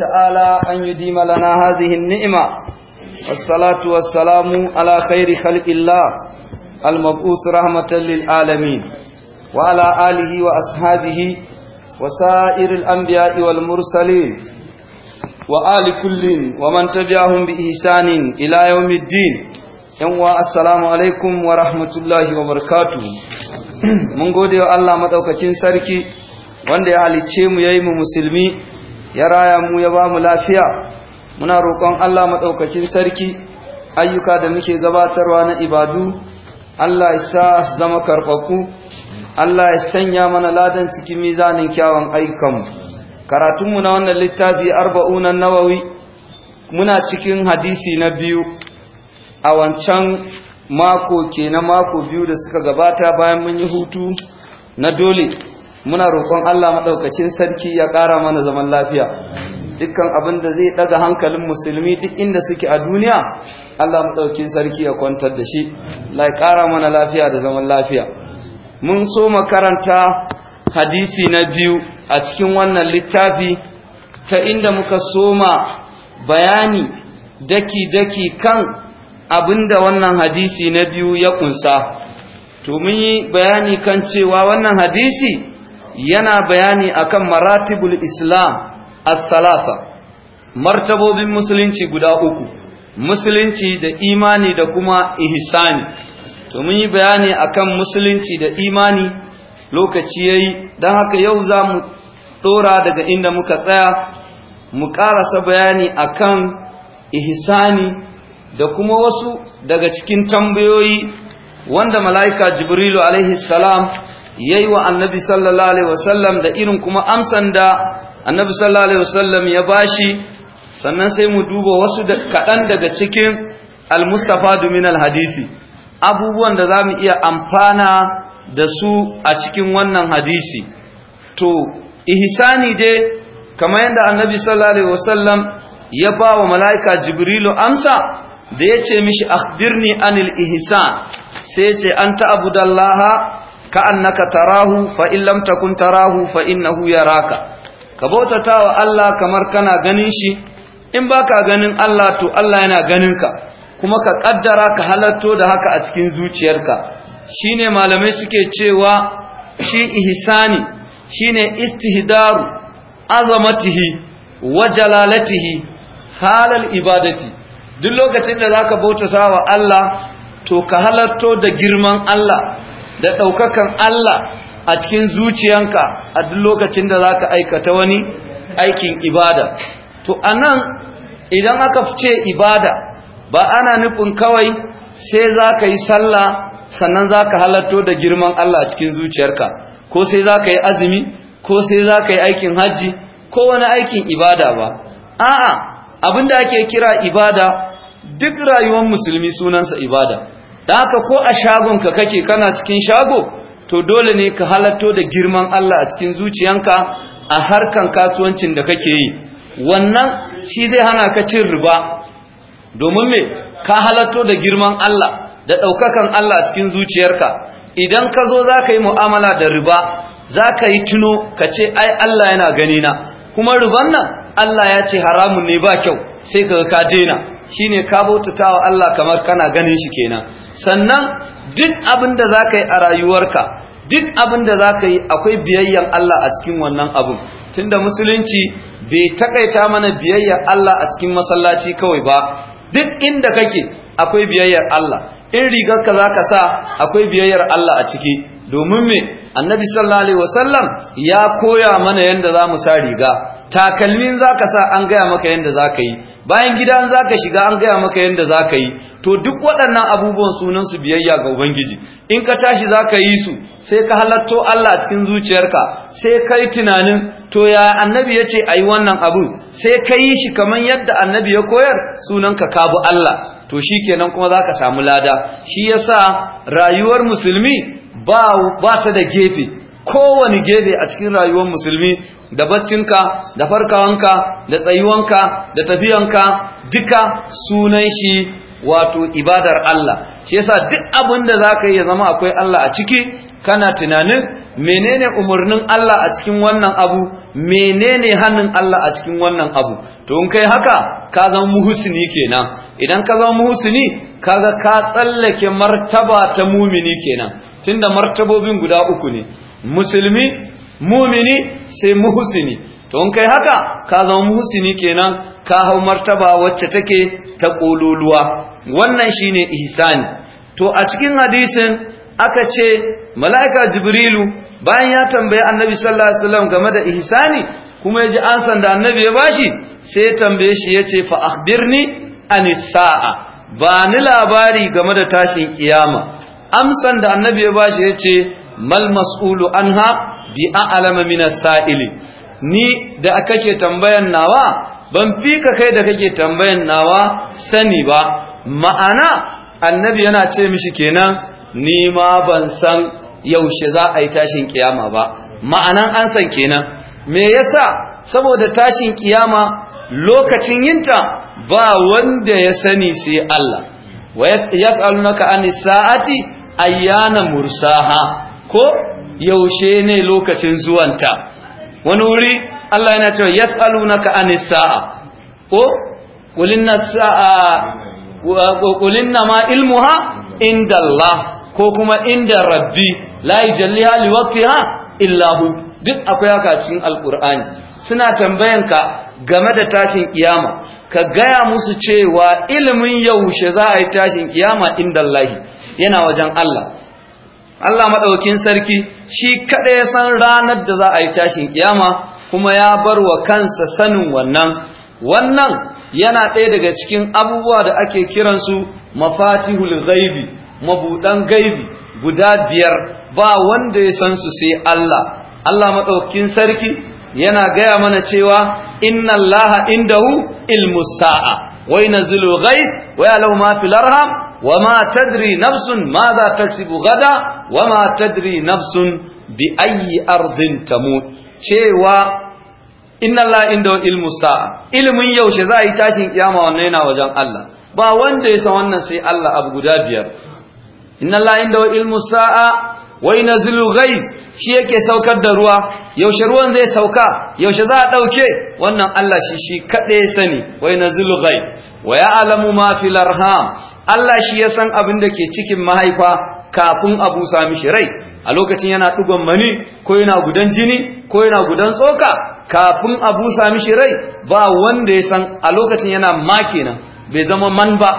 تعالى أن يديم لنا هذه النعمة والصلاة والسلام على خير خلق الله المبعوث رحمة للعالمين وعلى آله وأصحابه وسائر الأنبياء والمرسلين وآل كل ومن تبعهم بإحسان إلى يوم الدين yanwa assalamu alaikum wa rahmatullahi wa barakatuh mun gode wa Allah madaukakin sarki wanda ya halicce mu yayi mu musulmi ya raya mu ya ba mu lafiya muna roƙon Allah maɗaukacin sarki ayyuka da muke gabatarwa na ibadu Allah ya sa su zama karɓaku Allah ya sanya mana ladan cikin mizanin kyawun ayyukanmu karatunmu na wannan littafi arba'unan nawawi muna cikin hadisi na biyu a wancan mako ke na mako biyu da suka gabata bayan mun yi hutu na dole muna roƙon Allah maɗaukacin sarki ya ƙara mana zaman lafiya dukkan abin da zai ɗaga hankalin musulmi duk inda suke a duniya Allah maɗaukin sarki ya kwantar da shi lai ƙara mana lafiya da zaman lafiya mun so makaranta hadisi na biyu a cikin wannan littafi ta inda muka soma bayani daki-daki kan abin da wannan hadisi na biyu ya ƙunsa. to mun yi bayani kan cewa wannan hadisi yana bayani akan maratibul islam as-salasa martabobin musulunci guda uku musulunci da imani da kuma ihsani to mun yi bayani akan musulunci da imani lokaci yayi dan haka yau za mu dora daga inda muka tsaya mu karasa bayani akan ihsani da kuma wasu daga cikin tambayoyi wanda mala'ika jibrilu alaihi salam Ya yi wa annabi sallallahu alaihi wasallam da irin kuma amsan da annabi sallallahu alaihi wasallam ya bashi sannan sai mu duba wasu kaɗan daga cikin al-mustafadu min al-hadisi abubuwan da zamu iya amfana da su a cikin wannan hadisi to ihsani dai kamar yadda annabi sallallahu alaihi wasallam ya ba wa mala'ika jibrilu amsa da ya ce mishi akhbirni anil ihsan sai ce an abudallaha annaka tarahu fa in lam takun tarahu fa innahu yaraka ka bautatawa Allah kamar kana ganin shi in baka ganin Allah to Allah yana ganin ka kuma ka kaddara ka halatto da haka a cikin zuciyarka shine malamai suke cewa shi ihsani shine istihdaru azamatihi wa jalalatihi halal ibadati duk lokacin da zaka bautata wa Allah to ka halatto da girman Allah da ɗaukakan Allah a cikin zuciyanka a duk lokacin da za ka aikata wani aikin ibada to anan idan aka fice ibada ba ana nufin kawai sai za ka yi sallah sannan za ka halatto da girman Allah a cikin zuciyarka ko sai za ka yi azumi ko sai za ka yi aikin hajji ko wani aikin ibada ba a'a abinda ake kira ibada duk rayuwar musulmi sunansa ibada da haka ko a shagonka kake kana cikin shago to dole ne ka halatto da girman Allah a cikin zuciyanka a harkan kasuwancin da kake yi wannan shi zai hana ka cin riba domin me ka halatto da girman Allah da ɗaukakan Allah a cikin zuciyarka idan ka zo za ka yi mu'amala da riba za ka yi tuno ka ce ai Allah yana ganina kuma riban nan Allah ya ce haramun ne ba kyau sai ka ka daina shine ka bautata wa Allah kamar kana ganin shi kenan sannan duk abin da za ka yi a rayuwarka duk abin da za ka yi akwai biyayyan Allah a cikin wannan abin tunda musulunci bai takaita mana biyayyan Allah a cikin masallaci kawai ba duk inda kake akwai biyayyar Allah in rigarka za ka sa akwai biyayyar Allah a ciki domin me annabi sallallahu alaihi wasallam ya koya mana yanda za mu sa riga takalmin zaka sa an gaya maka yanda zaka yi bayan gidan zaka shiga an gaya maka yanda zaka yi to duk waɗannan abubuwan sunan su biyayya ga ubangiji in ka tashi zaka yi su sai ka halatto Allah cikin zuciyarka sai kai tunanin to ya annabi yace ayi wannan abu sai ka yi shi kamar yadda annabi ya koyar sunan ka kabu Allah to shikenan kuma zaka samu lada shi yasa rayuwar musulmi ba ta da gefe kowane gefe a cikin rayuwar musulmi da baccinka da farkawanka da tsayuwanka da tafiyanka duka sunan shi wato ibadar Allah shi yasa duk abin da ka yi ya zama akwai Allah a ciki kana tunanin menene umarnin Allah a cikin wannan abu menene hannun Allah a cikin wannan abu to in kai haka ka zama muhusini kenan idan ka zama muhsini kaga ka tsallake martaba ta mumini kenan tunda martabobin guda uku ne musulmi mumini sai muhsini to in kai haka ka zama muhsini kenan ka hau martaba wacce take ta kololuwa wannan shine ihsani to a cikin hadisin aka ce mala'ika jibrilu bayan ya tambayi annabi sallallahu alaihi wasallam game da ihsani kuma ya ji san da annabi ya bashi sai tambaye shi ya ce fa akhbirni an sa'a ba ni labari game da tashin kiyama amsan da annabi ya bashi ya ce mal mas'ulu anha bi a'lama min as-sa'ili ni da kake tambayan nawa ban fika kai da kake tambayan nawa sani ba ma'ana annabi yana ce mishi kenan ni ma ban san yaushe za a yi tashin kiyama ba ma'anan an san kenan me yasa saboda tashin kiyama lokacin yinta ba wanda ya sani sai Allah wa yas'alunaka anis sa'ati ayyana mursaha ko yaushe ne lokacin zuwanta wani wuri Allah yana cewa yas'alunaka anis sa'a ko kulinna sa'a kulinna ma ilmuha inda Allah ko kuma inda rabbi la yajalliha liwaqtiha illa hu duk akwai haka cikin alqur'ani suna tambayanka game da tashin kiyama ka gaya musu cewa ilimin yaushe za a yi tashin kiyama inda Allah yana wajen Allah Allah maɗaukin sarki shi kaɗai ya san ranar da za a yi tashin kiyama kuma ya bar wa kansa sanin wannan wannan yana ɗaya daga cikin abubuwa da ake kiransu mafatihul ghaibi mabuɗan gaibi guda biyar ba wanda ya san su sai Allah Allah maɗaukin sarki yana gaya mana cewa inna Allah indahu ilmus sa'a wa yanzilu ghais wa ya'lamu ma fil arham وما تدري نفس ماذا تكسب غدا وما تدري نفس بأي أرض تموت cewa inna Allah inda ilmu sa'a ilimin yaushe za a yi tashin kiyama wannan yana wajen Allah ba wanda ya sa wannan sai Allah abu guda biyar inna Allah inda ilmu sa'a wa yunzilu ghaiz shi yake saukar da ruwa yaushe ruwan zai sauka yaushe za a dauke wannan Allah shi shi kadai sani na yunzilu ghaiz wa alamu ma filar arham Allah shi ya san abin da ke cikin mahaifa kafin a busa mishi rai a lokacin yana ɗigon mani ko yana gudan jini ko yana gudan tsoka kafin a busa mishi rai ba wanda ya san a lokacin yana ma kenan bai zama man ba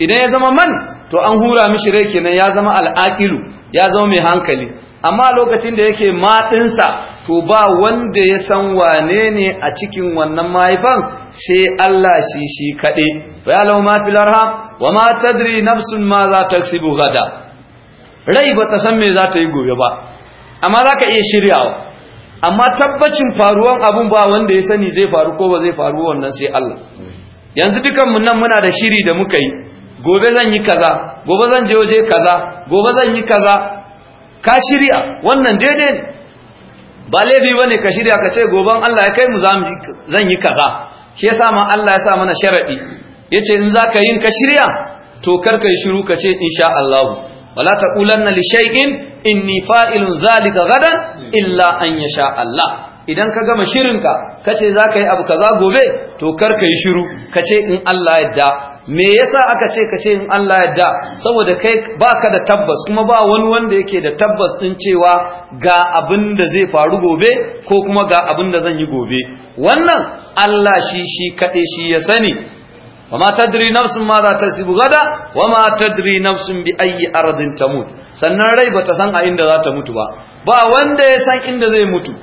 idan ya zama man to an hura mishi rai kenan ya zama al'akilu ya zama mai hankali amma lokacin da yake maɗinsa to ba wanda ya san wane ne a cikin wannan mahaifan sai Allah shi shi kaɗe ya lau mafi larha wa ma tadri nafsun ma za ta sibu gada rai ba ta san me za ta yi gobe ba amma za ka iya shiryawa amma tabbacin faruwan abun ba wanda ya sani zai faru ko ba zai faru wannan sai Allah yanzu dukanmu nan muna da shiri da muka yi gobe zan yi kaza gobe zan je waje kaza gobe zan yi kaza ka shirya wannan daidai ne ba laifi ne ka shirya ka ce goban Allah ya kai mu zan yi kaza shi yasa ma Allah ya sa mana Ya ce in za ka yin ka shirya to kar yi shiru ka ce in sha Allah wala taqulanna in, in ni fa'ilun zalika gadan illa an sha Allah idan ka gama shirinka ka ce za ka yi abu kaza gobe to kar yi shiru ka ce in Allah ya da me yasa aka ce ka ce in Allah yadda saboda kai baka da tabbas kuma ba wani wanda yake da tabbas din cewa ga abin da zai faru gobe ko kuma ga abin da zan yi gobe wannan Allah shi shi kaɗe shi ya sani wama tadri nafsun ma za ta sibu gada wama tadri nafsun bi ayi ardin tamut sannan rai bata san a inda za ta mutu ba ba wanda ya san inda zai mutu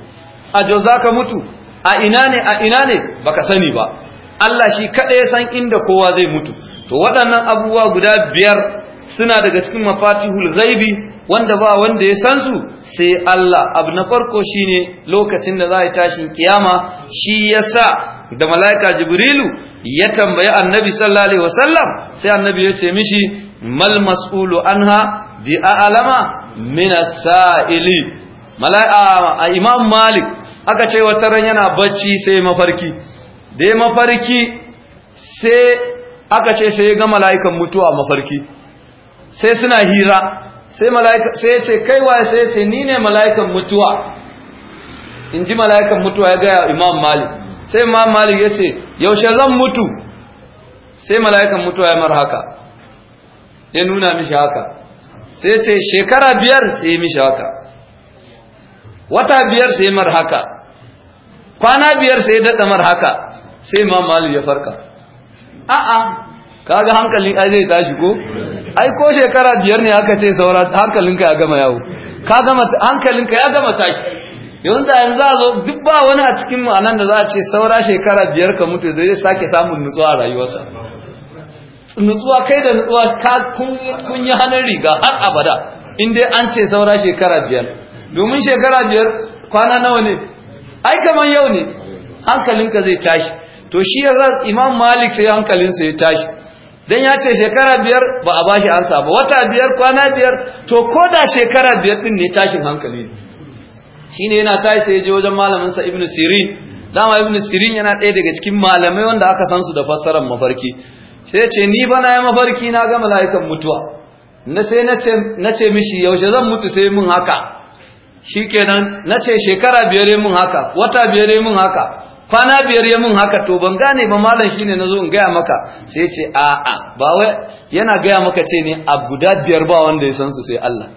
a jo za ka mutu a ina ne a ina ne baka sani ba Allah shi kaɗai ya san inda kowa zai mutu to waɗannan abubuwa guda biyar suna daga cikin mafatihul ghaibi wanda ba wanda ya san su sai Allah abu na farko shine lokacin da za a tashin kiyama shi yasa da mala'ika jibrilu ya tambayi annabi sallallahu alaihi wasallam sai annabi ya ce mishi mal mas'ulu anha bi a'lama min as-sa'ili mala'ika imam malik aka ce wata ran yana bacci sai mafarki da ya mafarki sai aka ce sai ya ga mala'ikan mutuwa mafarki sai suna hira sai ya ce kaiwa sai ya ce ni ne mala'ikan mutuwa in ji mala'ikan mutuwa ya gaya imam malik sai imam malik ya ce yaushe zan mutu sai mala'ikan mutuwa ya mar haka ya nuna mishi haka sai ya ce shekara biyar sai ya mishi haka wata biyar sai mar haka kwana biyar sai ya daɗa mar haka sai ma malik ya farka a'a kaga hankalin ai zai tashi ko ai ko shekara biyar ne aka ce saura hankalinka ya gama yawo ka gama hankalinka ya gama tashi yanzu da yanzu zo duk ba wani a cikin mu anan da za a ce saura shekara biyar ka mutu zai sake samun nutsuwa a rayuwarsa nutsuwa kai da nutsuwa ka kun yi hannun riga har abada in dai an ce saura shekara biyar domin shekara biyar kwana nawa ne ai kaman yau ne hankalinka zai tashi to shi ya zan imam malik sai hankalinsa ya tashi don ya ce shekara biyar ba a bashi ansa ba wata biyar kwana biyar to ko da shekara biyar din ne tashin hankali ne shi ne yana tashi sai ya je wajen malaminsa ibn sirin dama ibn sirin yana ɗaya daga cikin malamai wanda aka san su da fassarar mafarki sai ce ni bana ya mafarki na ga mala'ikan mutuwa na sai na ce mishi yaushe zan mutu sai mun haka shikenan na ce shekara biyar mun haka wata biyar mun haka kwana biyar ya mun haka to ban gane ba malam shine nazo in gaya maka sai ya ce a a ba wai yana gaya maka ce ne a guda biyar ba wanda ya san su sai Allah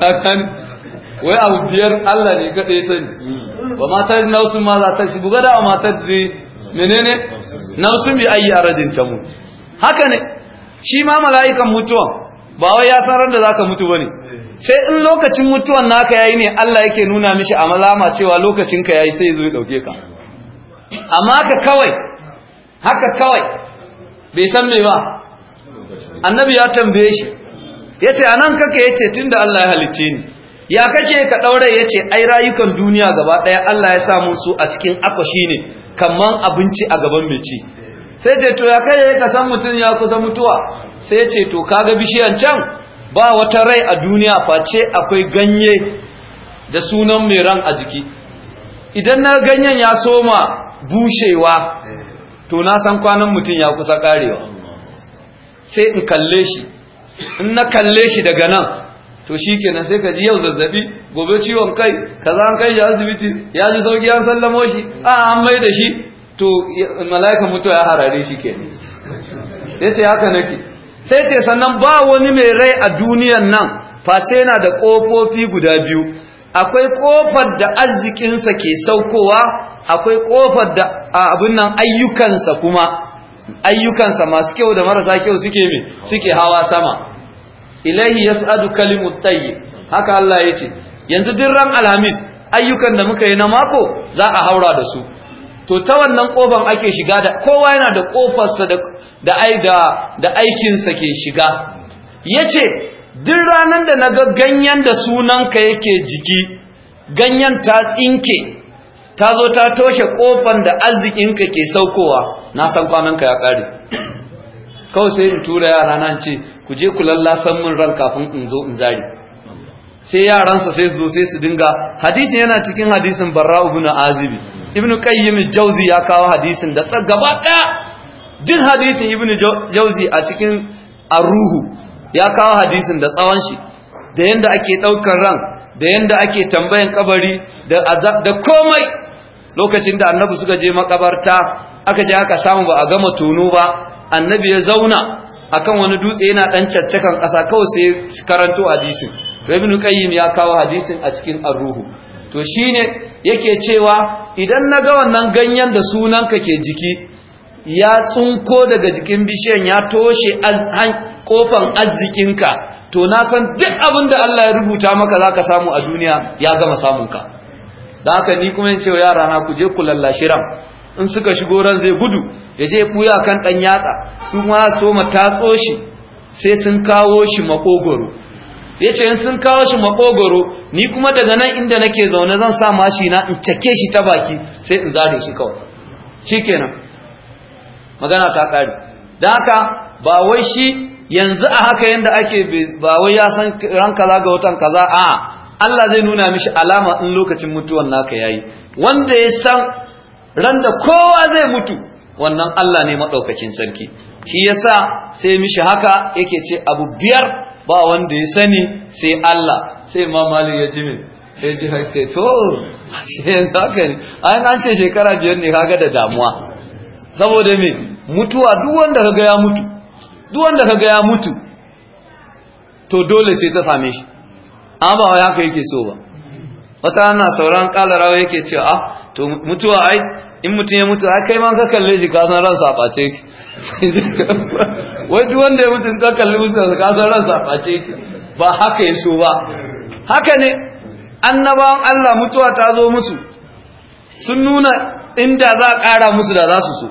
wai abu biyar Allah ne kada ya sani wa matar nausu ma za ta shi bugada wa matar da menene nausu bi ayi ta mu haka ne shi ma mala'ikan mutuwa ba wai ya san ran da zaka mutu bane sai in lokacin mutuwan naka yayi ne Allah yake nuna mishi amalama cewa lokacin ka yayi sai zo dauke ka amma ka kawai haka kawai bai san me ba annabi ya tambaye shi yace anan kake yace tunda Allah ya halicce ni ya kake ka daure yace ai rayukan duniya gaba daya Allah ya sa mu su a cikin akwashi ne kaman abinci a gaban mai ci sai ce to ya kai ka san mutun ya kusa mutuwa sai ce to kaga bishiyan can ba wata rai a duniya face akwai ganye da sunan mai ran a jiki idan na ganyen ya soma bushewa to na san kwanan mutum ya kusa karewa sai in kalle shi in na kalle shi daga nan to shi kenan sai ka ji yau zazzabi gobe ciwon kai kaza an kai shi asibiti ya ji sauki an sallamo shi a an mai da shi to mala'ika mutuwa ya harare shi kenan yace haka nake sai ce sannan ba wani mai rai a duniyan nan face yana da ƙofofi guda biyu akwai ƙofar da arzikinsa ke saukowa akwai ƙofar da abin nan ayyukansa kuma ayyukansa masu kyau da marasa kyau suke mai suke hawa sama ilahi sa'adu kalimu tayyib haka Allah ya ce yanzu duk ran alhamis ayyukan da muka yi na mako za a haura da su to ta wannan kofan ake shiga da kowa yana da kofarsa da da aikinsa ke shiga yace duk ranar da naga ganyen da sunanka yake jiki ganyen ta tsinke ta zo ta toshe kofan da arzikinka ke saukowa na san kwananka ya kare kawai sai in tura yara nan ce ku je ku san min ran kafin in zo in zari sai yaransa sai su zo sai su dinga hadisi yana cikin hadisin barra ibn azibi ibn qayyim jawzi ya kawo hadisin da gaba daya din hadisin ibn jawzi a cikin aruhu ya kawo hadisin da tsawon shi da yanda ake daukar ran da yanda ake tambayan kabari da azab da komai lokacin da annabi suka je makabarta aka je aka samu ba a gama tuno ba annabi ya zauna akan wani dutse yana dan caccakan ƙasa kawai sai karanto hadisin ibn qayyim ya kawo hadisin a cikin ar-ruhu to shine yake cewa idan naga wannan ganyen da sunanka ke jiki ya tsunko daga jikin bishiyan ya toshe kofan arzikinka to na san duk abin da Allah ya rubuta maka zaka samu a duniya ya gama samun ka. da haka ni kuma in ce yara na ku je ku lallashi in suka shigo ran zai gudu ya je buya kan dan yatsa su ma so mata tsoshi sai sun kawo shi makogoro ya ce sun kawo shi makogoro ni kuma daga nan inda nake zaune zan sa mashi na in cake shi ta baki sai in zare shi kawai shi kenan magana ta ƙari don haka ba wai shi yanzu a haka yadda ake ba wai ya san ran kaza ga watan kaza a Allah zai nuna mishi alama in lokacin mutuwan naka yayi wanda ya san ran da kowa zai mutu wannan Allah ne madaukakin sarki shi yasa sai mishi haka yake ce abu biyar ba wanda ya sani sai Allah sai ma ya ji min ya ji sai to shi yanzu haka ne an ce shekara biyar ne kaga da damuwa saboda me mutuwa duk wanda kaga ya mutu duk wanda kaga ya mutu to dole ce ta same shi an ba wai haka yake so ba wata ana sauran kala yake cewa ah to mutuwa ai in mutum ya mutu ai kai ma ka kalle shi ka san ransa a ɓace wai wanda ya mutum ka kalli da ka san ransa ɓace ba haka ya so ba haka ne annabawan Allah mutuwa ta zo musu sun nuna inda za a ƙara musu da za su so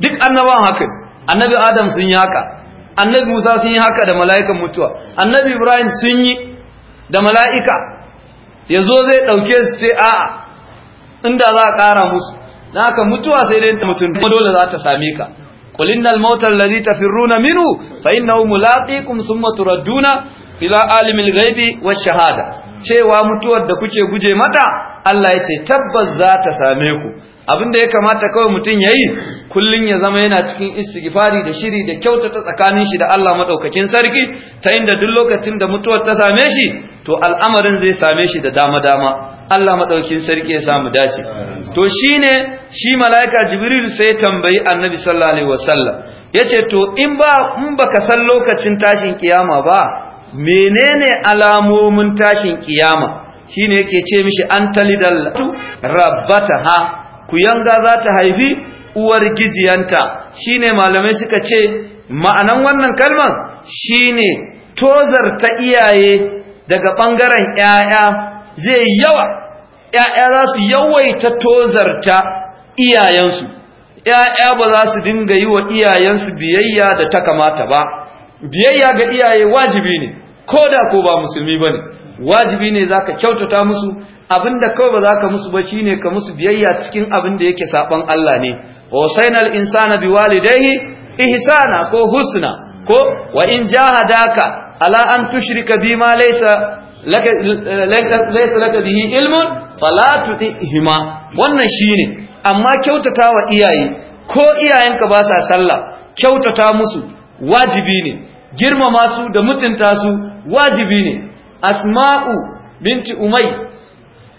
duk annabawan haka annabi Adam sun yi haka annabi Musa sun yi haka da mala'ikan mutuwa annabi Ibrahim sun yi da mala'ika ya zo zai ɗauke su ce a'a inda za a ƙara musu na haka mutuwa sai dai ta mutum dole za ta same ka qul innal mautal ladhi tafirruna minhu fa innahu mulaqikum thumma turadduna ila alimil ghaibi wash shahada cewa mutuwar da kuke guje mata Allah ya ce tabbas za ta same ku abinda ya kamata kawai mutum yayi kullum ya zama yana cikin istighfari da shiri da kyautata tsakanin shi da Allah maɗaukacin sarki ta inda duk lokacin da mutuwar ta same shi to al'amarin zai same shi da dama dama Allah madaukin sarki ya samu dace to shine shi malaika jibril sai tambayi annabi sallallahu alaihi wasallam yace to in ba in baka san lokacin tashin kiyama ba menene alamomin tashin kiyama shine yake ce mishi an rabbataha ku yanga za ta haifi uwar gijiyanta shine malamai suka ce ma'anan wannan kalman shine tozar ta iyaye daga bangaren 'ya'ya zai yawa ‘ya'ya za su yawaita tozarta iyayensu ‘ya'ya ba za su dinga yi wa iyayensu biyayya da ta kamata ba biyayya ga iyaye wajibi ne ko da ko ba musulmi ba ne wajibi ne za ka kyautata musu Abin da kawai ba za ka musu ba shi ne ka musu biyayya cikin abin da yake saɓon Allah ne wasainal insana bi walidaihi ihsana ko husna ko wa in jahadaka ala an tushrika bima laysa laisa laka bihi ilmun fala hima wannan shine amma kyautata wa iyaye ko iyayenka ba sa sallah kyautata musu wajibi ne girmama su da mutunta su wajibi ne asma'u binti umais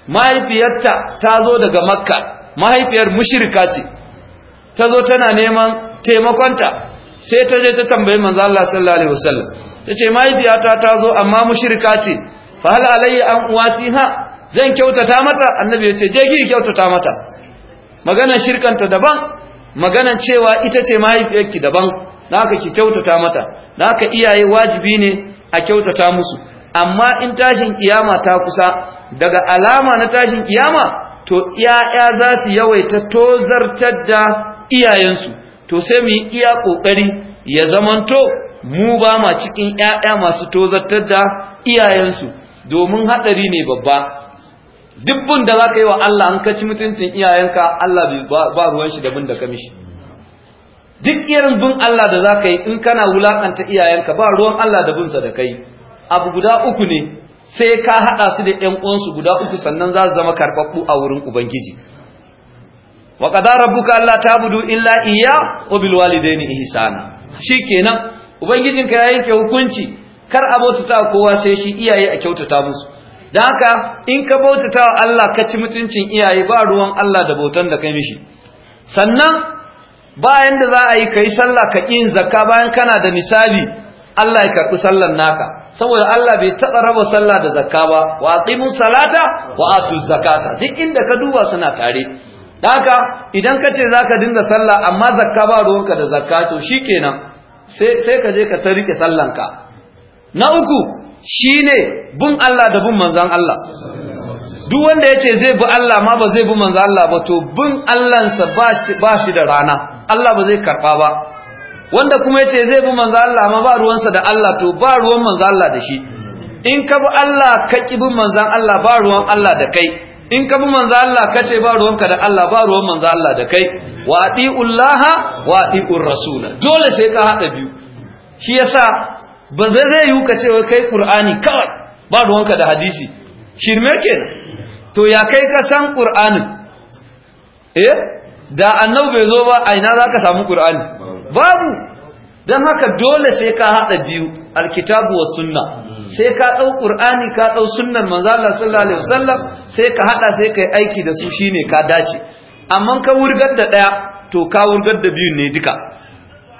mahaifiyarta ta zo daga makka mahaifiyar mushrika ce ta zo tana neman taimakonta sai ta je ta tambayi manzo Allah sallallahu alaihi wasallam ta mahaifiyata ta zo amma mushrika ce fa hal alayya an wasiha zan kyautata mata annabi ya ce je ki kyautata mata maganan shirkanta daban maganan cewa ita ce mahaifiyarki daban naka ki kyautata mata naka iyaye wajibi ne a kyautata musu amma in tashin kiyama ta kusa daga alama na tashin kiyama to iyaya za su yawaita tozartar da iyayensu to sai mu yi iya kokari ya zamanto mu ba ma cikin 'ya'ya masu tozartar da iyayensu domin hadari ne babba bun da za yi wa Allah an kaci mutuncin iyayenka Allah ba ruwan shi dabin da ka mishi duk irin bin Allah da za yi in kana wulakanta iyayenka ba ruwan Allah da sa da kai abu guda uku ne sai ka haɗa su da ‘yan uwansu guda uku sannan za su zama karɓaɓɓu a wurin Ubangiji. Wa ƙada rabbuka Allah ta budu illa iya wa bilwalidaini ihsana. Shi kenan Ubangijinka ya ke hukunci kar a bautata kowa sai shi iyaye a kyautata musu da haka in ka bautata wa Allah ka ci mutuncin iyaye ba ruwan Allah da bautan da kai mishi sannan bayan da za a yi ka yi sallah ka ƙin zakka bayan kana da nisabi Allah ya karɓi sallan naka saboda Allah bai taɓa raba sallah da zakka ba wa aqimu salata wa atu zakata duk inda ka duba suna tare da haka idan ka ce za dinga sallah amma zakka ba ruwanka da zakka to shikenan sai ka je ka ta riƙe sallanka na uku shine bin Allah da bin manzan Allah duk wanda yace zai bi Allah ma ba zai bi manzan Allah ba to bin Allahnsa ba shi da rana Allah ba zai karba ba wanda kuma yace zai bi manzan Allah ma ba ruwansa da Allah to ba ruwan manzan Allah da shi in ka bi Allah ka ki bin manzan Allah ba ruwan Allah da kai in ka bi manzan Allah ka ce ba ruwanka da Allah ba ruwan manzan Allah da kai wa atiullaha wa atiur rasula dole sai ka hada biyu shi yasa ba zai yi ka cewa kai ƙur'ani kawai ba ruwanka da hadisi shirme ke, to ya kai ka san ƙur'anin eh da annau bai zo ba a ina za ka samu ƙur'ani babu don haka dole sai ka haɗa biyu alkitabu wa sunna sai ka ɗau ƙur'ani ka ɗau sunnan manzala sallallahu alaihi wasallam sai ka haɗa sai ka yi aiki da su shine ka dace amma ka wurgar da ɗaya to ka wurgar da biyun ne duka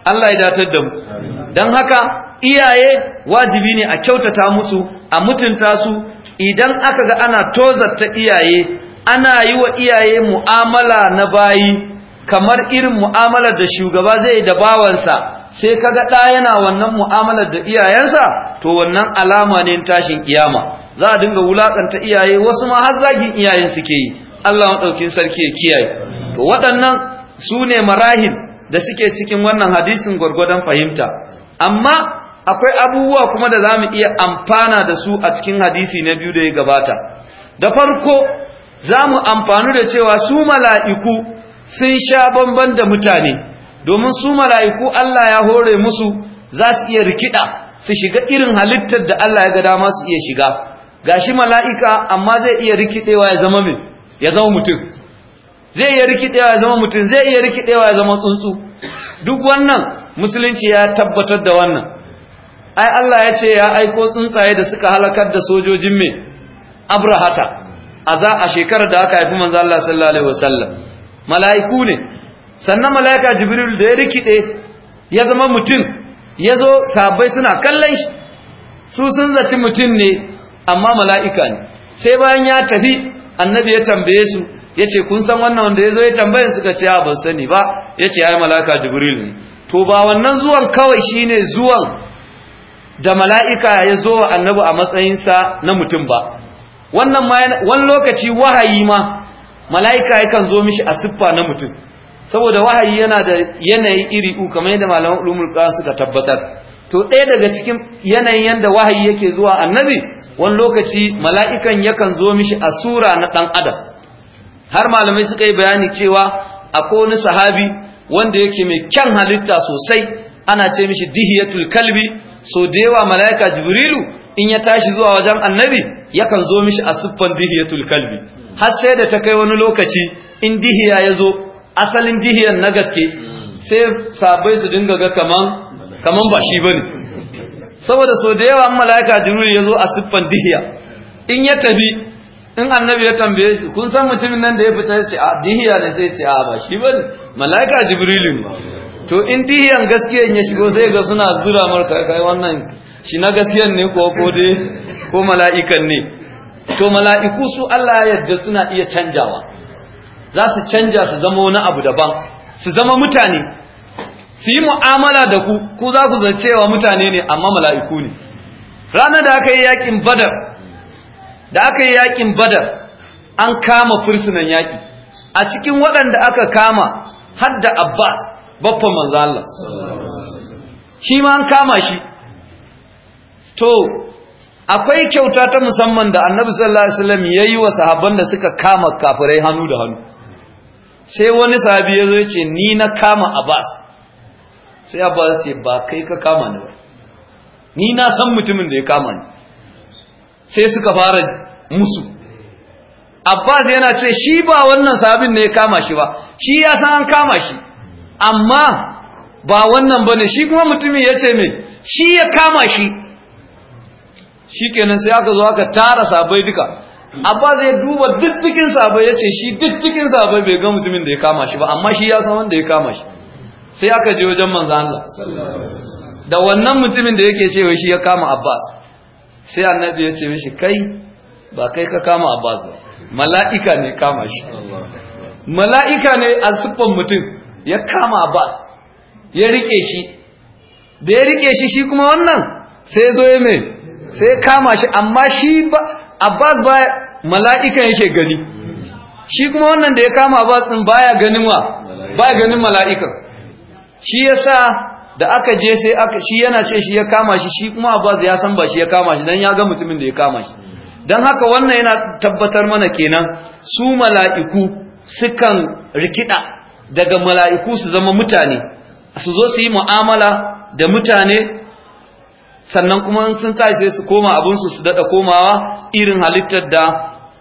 Allah ya datar da mu don haka iyaye wajibi ne a kyautata musu a mutunta su idan aka ga ana tozarta iyaye ana yi wa iyaye mu'amala na bayi kamar irin mu'amalar da shugaba zai yi da bawansa sai kaga ɗa yana wannan mu'amalar da iyayensa to wannan alama ne tashin kiyama za a dinga wulakanta iyaye wasu ma har zagin iyayen suke yi Allah madaukin sarki ya kiyaye to waɗannan su ne marahil da suke cikin wannan hadisin gwargwadon fahimta amma akwai abubuwa kuma da zamu iya amfana da su a cikin hadisi na biyu da ya gabata da farko zamu mu amfanu da cewa su mala'iku sun sha bamban da mutane domin su mala'iku Allah ya hore musu za su iya rikida su shiga irin halittar da Allah ya ga dama su iya shiga gashi mala'ika amma zai iya rikidewa ya zama min ya zama mutum zai iya rikidewa ya zama mutum zai iya rikidewa ya zama tsuntsu duk wannan musulunci ya tabbatar da wannan ai Allah ya ce ya aiko tsuntsaye da suka halakar da sojojin me abrahata a za a shekarar da aka haifi manzo Allah sallallahu alaihi wasallam mala'iku ne sannan mala'ika jibril da ya rikide ya zama mutum ya zo sabai suna kallon shi su sun zaci mutum ne amma mala'ika ne sai bayan ya tafi annabi ya tambaye su ya ce kun san wannan wanda ya zo ya tambayin suka ce ban sani ba ya ce ya yi mala'ika jibril ne to ba wannan zuwan kawai shine zuwan da mala'ika ya zo wa annabu a matsayinsa na mutum ba wannan wani lokaci wahayi ma mala'ika yakan zo mishi a siffa na mutum saboda wahayi yana da yanayi iri uku, kamar yadda malaman ulumul suka tabbatar to ɗaya daga cikin yanayin yadda wahayi yake zuwa annabi wani lokaci mala'ikan yakan zo mishi a sura na ɗan adam har malamai suka yi bayani cewa akwai wani sahabi wanda yake mai kyan halitta sosai ana ce mishi dihiyatul kalbi so da yawa mala'ika jibrilu in ya tashi zuwa wajen annabi yakan zo mishi a siffan dihiyatul kalbi har sai da ta kai wani lokaci in dihiya ya zo asalin dihiyan na gaske sai sabai su dinga ga kaman kaman ba shi bane saboda so da yawa mala'ika jibrilu ya zo a siffan dihiya in ya tabi in annabi ya tambaye shi kun san mutumin nan da ya fita ya ce a ah, dihiya ne sai ya ce a ah, ba shi bane mala'ika jibrilu ne to in dihiyan gaskiyan ya shigo sai ga suna zura marka kai wannan shi na gaskiyan ne ko ko dai ko mala'ikan ne to mala'iku su Allah yarda suna iya canjawa za su canja su zama wani abu daban su zama mutane su yi mu'amala da ku ku za ku zancewa mutane ne amma mala'iku ne ranar da aka yi yakin badar da aka yi yakin badar an kama fursunan yaki a cikin waɗanda aka kama Hadda abbas babban manzo Allah shi ma an kama shi to akwai kyauta ta musamman da annabi sallallahu alaihi wasallam yayi wa sahabban da suka kama kafirai hannu da hannu sai wani sahabi ya zo ce ni na kama Abbas sai Abbas ce ba kai ka kama ni ba ni na san mutumin da ya kama ni sai suka fara musu Abbas yana ce shi ba wannan sahabin ne ya kama shi ba shi ya san an kama shi amma ba wannan bane shi kuma mutumin ya ce me shi ya kama shi shi kenan sai aka zo aka tara sabai duka abba zai duba duk cikin sabai ya ce shi duk cikin sabai bai ga mutumin da ya kama shi ba amma shi ya san wanda ya kama shi sai aka je wajen manzo Allah da wannan mutumin da yake cewa shi ya kama Abbas sai annabi ya ce mishi kai ba kai ka kama Abbas ba mala'ika ne kama shi mala'ika ne a siffan mutum ya kama Abbas ya rike shi da ya rike shi shi kuma wannan sai zo ya mai sai kama shi amma shi Abbas ba mala'ika yake gani shi kuma wannan da ya kama Abbas din baya ganin wa baya ganin mala'ikan shi yasa da aka je sai aka shi yana ce shi ya kama shi shi kuma Abbas ya san ba shi ya kama shi dan ya ga mutumin da ya kama shi dan haka wannan yana tabbatar mana kenan su mala'iku sukan rikida daga mala'iku su zama mutane su zo su yi mu'amala da mutane sannan kuma sun tashi sai su koma abinsu su daɗa komawa irin halittar da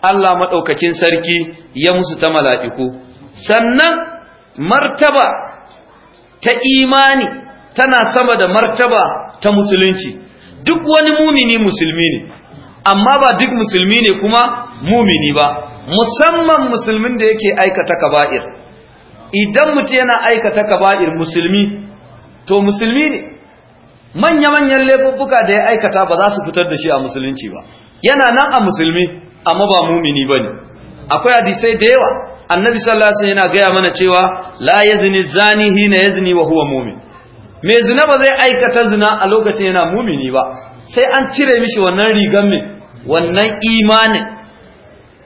Allah maɗaukakin sarki ya musu ta mala'iku sannan martaba ta imani tana sama da martaba ta musulunci duk wani mumini musulmi ne amma ba duk musulmi ne kuma mumini ba musamman musulmin da yake aikata kaba'ir idan mutum yana aikata kaba'ir musulmi to musulmi ne manya-manyan laifuffuka da ya aikata ba za su fitar da shi a musulunci ba yana nan a musulmi amma ba mumini ba ne akwai hadisai da yawa annabi sallallahu alaihi yana gaya mana cewa la yazni zani hina yazni wa huwa mumin Me zina ba zai aikata zina a lokacin yana mumini ba sai an cire mishi wannan rigan mai wannan imanin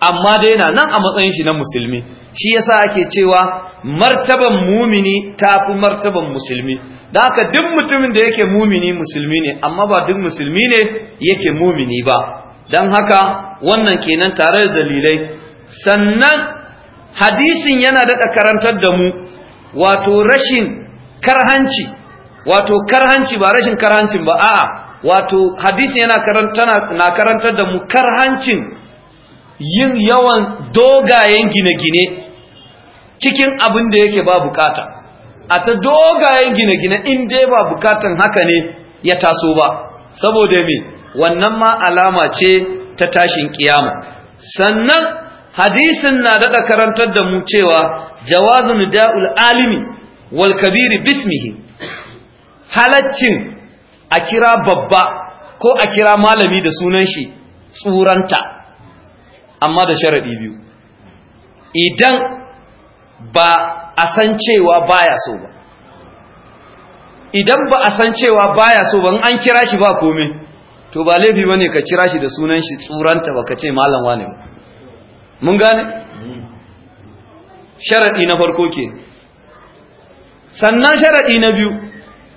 amma dai yana nan a matsayin shi na musulmi shi yasa ake cewa martaban mumini tafi martaban musulmi da haka duk mutumin da yake mumini musulmi ne amma ba duk musulmi ne yake mumini ba don haka wannan kenan tare da dalilai sannan hadisin yana daɗa karantar da mu wato rashin karhanci wato karhanci ba rashin karhancin ba a'a wato hadisin yana karantar na karantar da mu karhancin yin yawan dogayen gine-gine cikin abin da yake ba bukata a ta dogayen gine-gine in dai ba bukatan haka ne ya taso ba saboda mai wannan ma alama ce ta tashin kiyama sannan hadisin na daɗa karantar da mu cewa jawazun da'ul alimi wal kabiri bismihi halaccin a kira babba ko a kira malami da sunan shi tsuranta amma da sharaɗi biyu idan ba a san cewa baya so ba idan ba a san cewa baya so ba in an kira shi ba komai to ba laifi bane ka kira shi da sunan shi tsuranta ba ka ce malam wane ba mun gane sharadi na farko ke sannan sharadi na biyu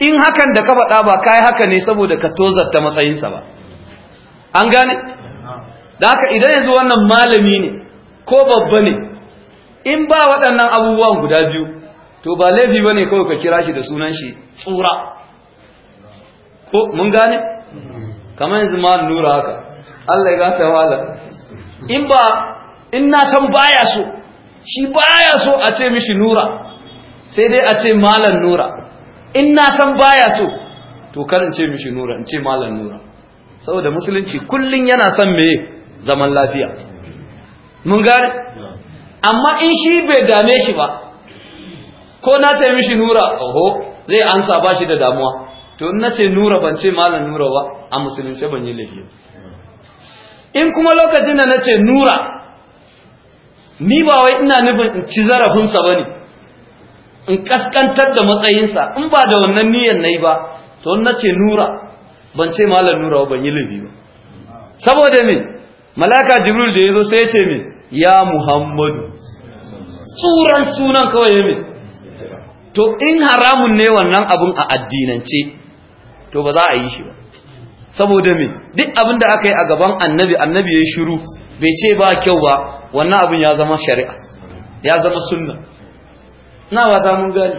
in hakan da ka faɗa ba kai haka ne saboda ka tozarta matsayinsa ba an gane da haka idan yanzu wannan malami ne ko babba ne in ba waɗannan abubuwan guda biyu to ba laifi ba ne kawai ka kira shi da sunan shi tsura ko mun gane kamar yanzu ma nura haka Allah ya gata wala in ba in na san baya so shi baya so a ce mishi nura sai dai a ce malan nura in na san baya so to kar in ce mishi nura in ce malan nura saboda musulunci kullun yana son meye zaman lafiya mun gane amma in shi bai dame shi ba ko na ce mishi nura oho zai ansa ba shi da damuwa to na ce nura ban ce malam nura ba a musulunce ban yi lafiya. in kuma lokacin da na ce nura ni ba wai ina nufin in ci zarafinsa ba ne in kaskantar da matsayinsa in ba da wannan niyan na yi ba to na ce nura ban ce malam nura ba ban yi lafiya ba saboda mai malaka jibril da ya zo sai ya ce me ya muhammadu tsuran sunan kawai ya me to in haramun ne wannan abun a addinance to ba za a yi shi ba saboda me duk abin da aka yi a gaban annabi annabi ya yi shiru bai ce ba kyau ba wannan abin ya zama shari'a ya zama sunna na ba za mun gani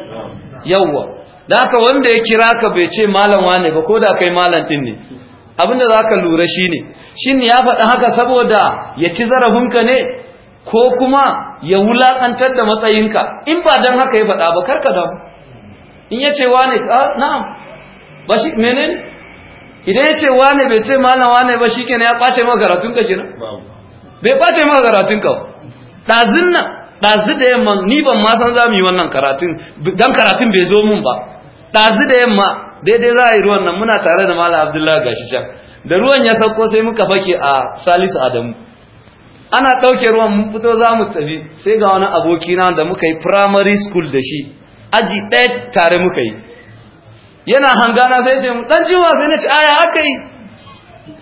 yawwa da ka wanda ya kira ka bai ce malam wane ba ko da kai malam din ne abinda za ka lura shi ne shin ya faɗi haka saboda ya ci zarafinka ne ko kuma ya wulaƙantar da matsayinka in ba don haka ya faɗa ba karka damu in ya ce wane a ah, na'am ba shi menen idan ya ce wane bai ce malam wane ba shi kenan ya ɓace maka karatunka kenan bai ɓace maka karatunka ba ɗazin nan ɗazi da yamma ni ban ma san za mu yi wannan karatun don karatun bai zo mun ba ɗazi da yamma daidai za a yi ruwan nan muna tare da mala abdullahi gashi can da ruwan ya sauko sai muka fake a salisu adamu ana ɗauke ruwan mun fito za mu tafi sai ga wani aboki na da muka yi primary school da shi aji ɗaya tare muka yi yana hangana sai ce mu ɗan juma sai na ci aya aka yi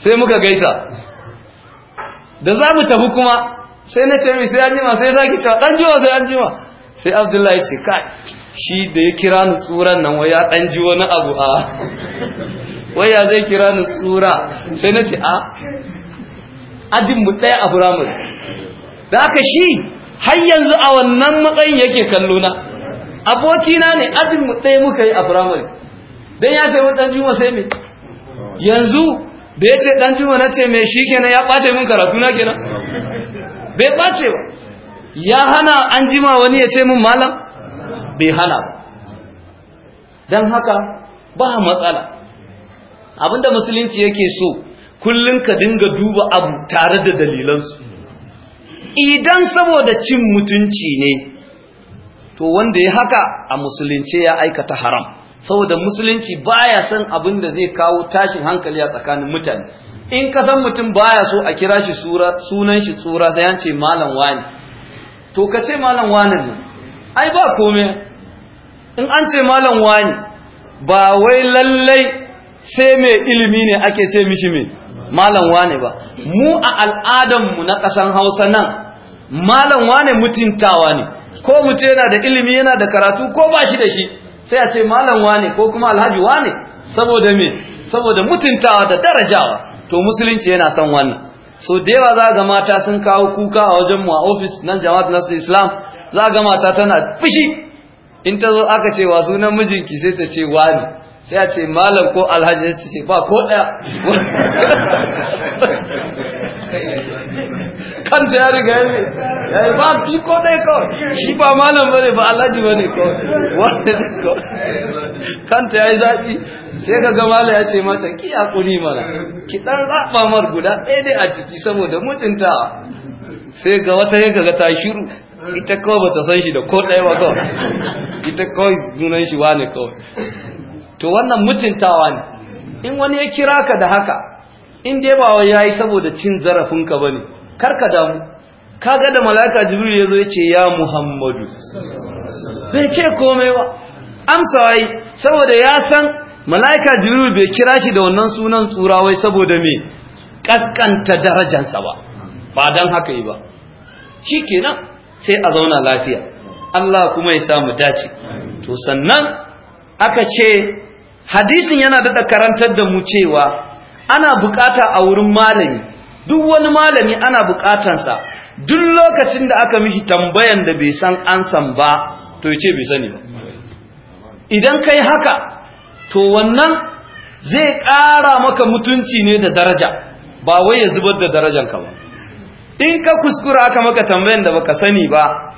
sai muka gaisa da za mu tafi kuma sai na ce mai sai an jima sai za ki cewa ɗan juma sai an jima sai abdullahi ce kai shi da ya kira ni tsuran nan wai ya dan ji wani abu a wai ya zai kira ni tsura sai na ce a adin mu ɗaya a buramun da aka shi har yanzu a wannan matsayin yake kallo na abokina ne adin mu ɗaya muka yi a buramun don ya sai wani ɗan juma sai me yanzu da ya ce ɗan juma na ce me shi kenan ya ɓace min karatu na kenan bai ɓace ba ya hana an jima wani ya ce min malam bai hana ba don haka ba matsala abinda musulunci yake so kullum ka dinga duba abu tare da dalilansu idan saboda cin mutunci ne to wanda ya haka a musulunci ya aikata haram saboda musulunci baya son abinda zai kawo tashin hankali a tsakanin mutane in ka san mutum baya so a kira shi sunan shi tsura sai an ce malam wani to ka ce malam wani ne ai ba komai in an ce malam wani ba wai lallai sai mai ilimi ne ake ce mishi mai malam wani ba mu a al'adanmu na ƙasan hausa nan malam wani mutuntawa ne ko mutum yana da ilimi yana da karatu ko ba shi da shi sai a ce malam wani ko kuma alhaji wani saboda mai saboda mutuntawa da darajawa to musulunci yana son wani. so da yawa za ga mata sun kawo kuka a wajen mu a ofis nan jama'at nasu islam za ga mata tana fushi. in ta zo aka ce wa sunan mijinki sai ta ce wani sai a ce malam ko alhaji ya ce ba ko ɗaya Kan kanta ya riga ya yi ba shi ko ɗaya kawai shi ba malam ba ne ba alhaji ba ne kawai wanda ne kawai kanta ya yi zaɓi sai ka ga malam ya ce mata ki kuni mana ki ɗan raɓa mar guda ɗaya ne a ciki saboda mutunta sai ga wata yanka ga ta shiru ita kawai ba ta san shi da ko ɗaya ba kawai ita kawai sunan shi wani kawai to wannan mutuntawa ne in wani ya kira ka da haka in dai ba wai yayi saboda cin zarafinka bane karka damu kaga da malaika jibril yazo yace ya muhammadu bai ce komai ba amsa wai saboda ya san malaika jibril bai kira shi da wannan sunan tsurawai saboda me kaskanta darajarsa ba ba dan haka yi ba kenan sai a zauna lafiya Allah kuma ya samu dace to sannan aka ce hadisin yana da karantar da mu cewa ana bukata a wurin malami duk wani malami ana bukatansa duk lokacin da aka mishi tambayan da bai san ansan ba to ya ce bai sani ba idan kai haka to wannan zai ƙara maka mutunci ne da daraja ba wai ya zubar da darajanka ba in ka kuskura aka maka tambayan da baka sani ba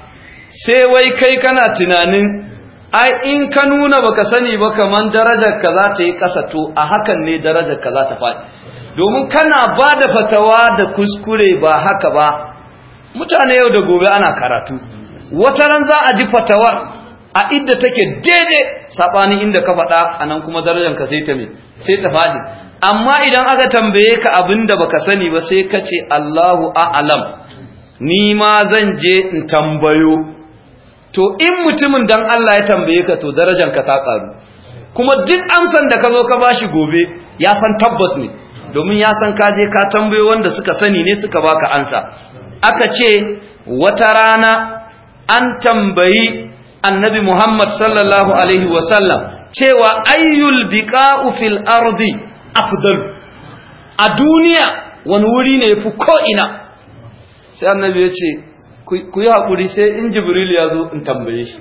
sai wai kai kana tunanin ai in ka nuna baka sani ba kaman darajar ka za ta yi ƙasa to a hakan ne darajar ka za ta faɗi domin kana ba da fatawa da kuskure ba haka ba mutane yau da gobe ana karatu wata ran za a ji fatawar a inda take daidai saɓanin inda ka faɗa a nan kuma darajar ka sai ta me sai ta faɗi amma idan aka tambaye ka abinda da baka sani ba sai ka ce Allahu a'lam ni ma zan je in tambayo to in mutumin dan Allah ya tambaye ka to darajar ka ta karu kuma duk amsan da ka zo ka bashi gobe ya san tabbas ne domin ya san ka je ka tambaye wanda suka sani ne suka baka ansa aka ce wata rana an tambayi annabi Muhammad sallallahu alaihi wasallam cewa ayyul biqa'u fil ardi afdal a duniya wani wuri ne fi ko ina sai annabi ya ce ku yi haƙuri sai in jibril ya zo in tambaye shi